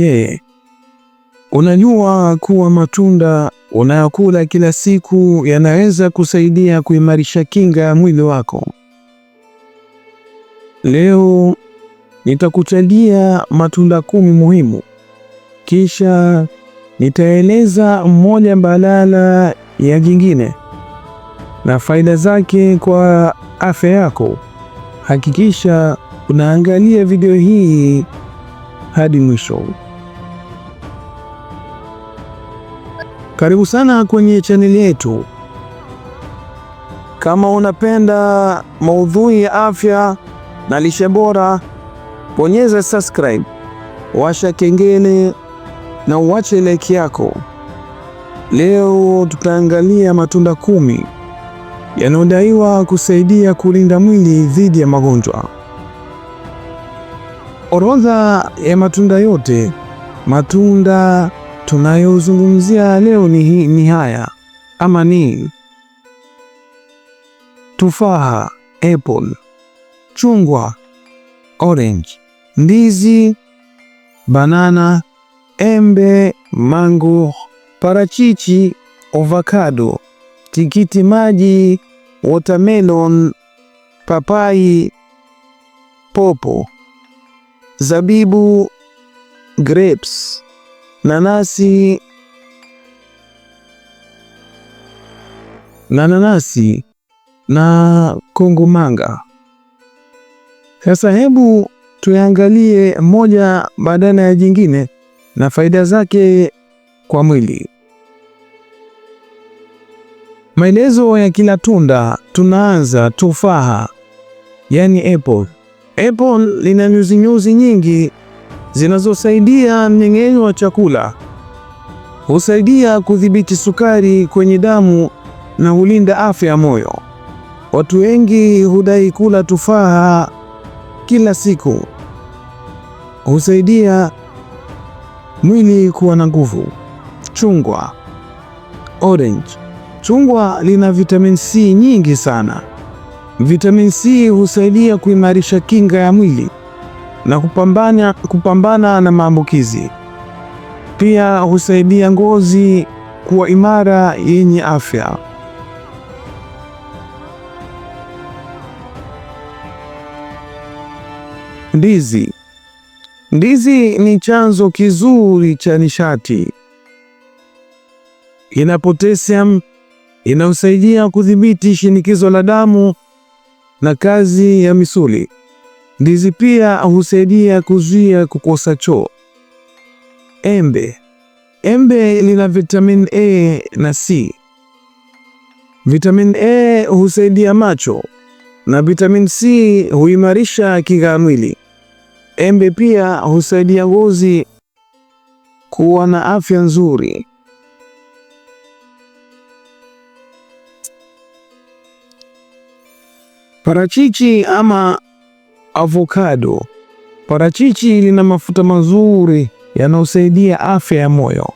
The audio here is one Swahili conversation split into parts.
Je, unajua kuwa matunda unayokula kila siku yanaweza kusaidia kuimarisha kinga ya mwili wako? Leo nitakutajia matunda kumi muhimu, kisha nitaeleza mmoja badala ya jingine na faida zake kwa afya yako. Hakikisha unaangalia video hii hadi mwisho. Karibu sana kwenye chaneli yetu. Kama unapenda maudhui ya afya na lishe bora, bonyeza subscribe, washa kengele na uache like yako. Leo tutaangalia matunda kumi yanayodaiwa kusaidia kulinda mwili dhidi ya magonjwa. Orodha ya matunda yote: matunda tunayozungumzia leo ni, ni haya ama ni tufaha apple, chungwa orange, ndizi banana, embe mango, parachichi ovacado tikiti maji watermelon, papai popo, zabibu grapes. Nanasi na nanasi na kongomanga. Sasa hebu tuangalie moja badala ya jingine na faida zake kwa mwili. Maelezo ya kila tunda, tunaanza tufaha, yaani apple. Apple lina nyuzinyuzi nyingi zinazosaidia mmeng'enyo wa chakula, husaidia kudhibiti sukari kwenye damu na hulinda afya ya moyo. Watu wengi hudai kula tufaha kila siku. Husaidia mwili kuwa na nguvu. Chungwa, orange. Chungwa lina vitamin C nyingi sana. Vitamin C husaidia kuimarisha kinga ya mwili na kupambana, kupambana na maambukizi. Pia husaidia ngozi kuwa imara yenye afya. Ndizi. Ndizi ni chanzo kizuri cha nishati. Ina potassium inayosaidia kudhibiti shinikizo la damu na kazi ya misuli. Ndizi pia husaidia kuzuia kukosa choo. Embe. Embe lina vitamin A na C. Vitamin A husaidia macho na vitamin C huimarisha kinga mwili. Embe pia husaidia ngozi kuwa na afya nzuri. Parachichi ama avocado. Parachichi lina mafuta mazuri yanayosaidia afya ya moyo,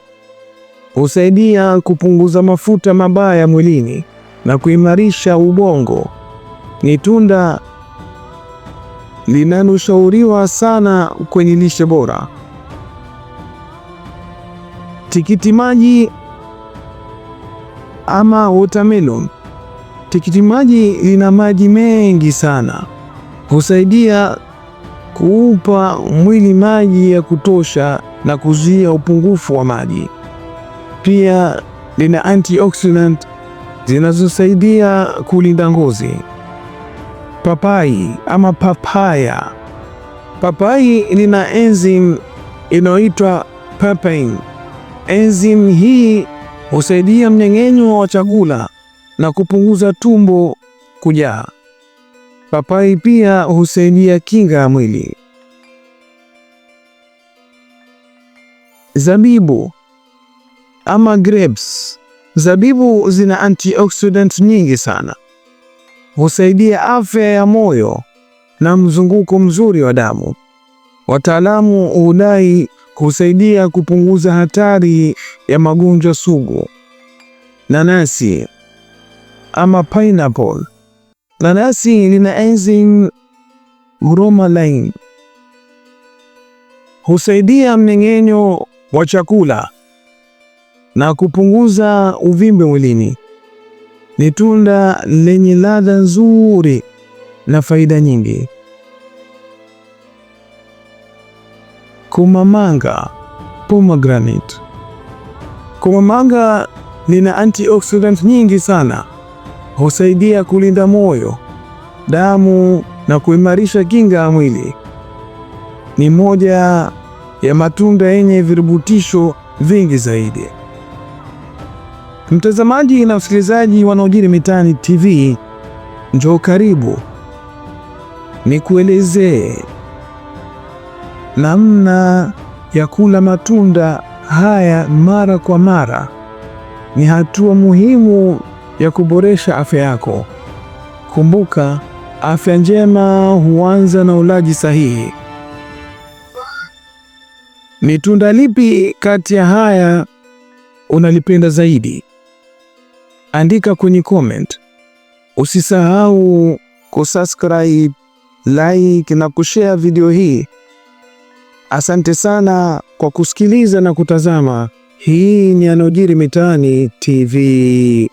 husaidia kupunguza mafuta mabaya mwilini na kuimarisha ubongo. Ni tunda linaloshauriwa sana kwenye lishe bora. Tikiti maji ama watermelon. Tikiti maji lina maji mengi sana husaidia kuupa mwili maji ya kutosha na kuzuia upungufu wa maji. Pia lina antioxidant zinazosaidia kulinda ngozi. Papai ama papaya, papai lina enzim inayoitwa papain. Enzim hii husaidia mnyeng'enyo wa chakula na kupunguza tumbo kujaa. Papai pia husaidia kinga ya mwili. Zabibu ama grapes. Zabibu zina antioxidant nyingi sana, husaidia afya ya moyo na mzunguko mzuri wa damu. Wataalamu hudai husaidia kupunguza hatari ya magonjwa sugu. Nanasi ama pineapple Nanasi linaenzi Huruma line husaidia mmeng'enyo wa chakula na kupunguza uvimbe mwilini. Ni tunda lenye ladha nzuri na faida nyingi. Kumamanga, pomegranate. Kumamanga lina antioxidant nyingi sana husaidia kulinda moyo, damu na kuimarisha kinga ya mwili. Ni moja ya matunda yenye virubutisho vingi zaidi. Mtazamaji na msikilizaji yanayojiri mitaani TV, njoo karibu nikuelezee namna ya kula matunda haya mara kwa mara. Ni hatua muhimu ya kuboresha afya yako. Kumbuka, afya njema huanza na ulaji sahihi. Ni tunda lipi kati ya haya unalipenda zaidi? Andika kwenye comment. Usisahau kusubscribe, like na kushare video hii. Asante sana kwa kusikiliza na kutazama. Hii ni yanayojiri mitaani TV.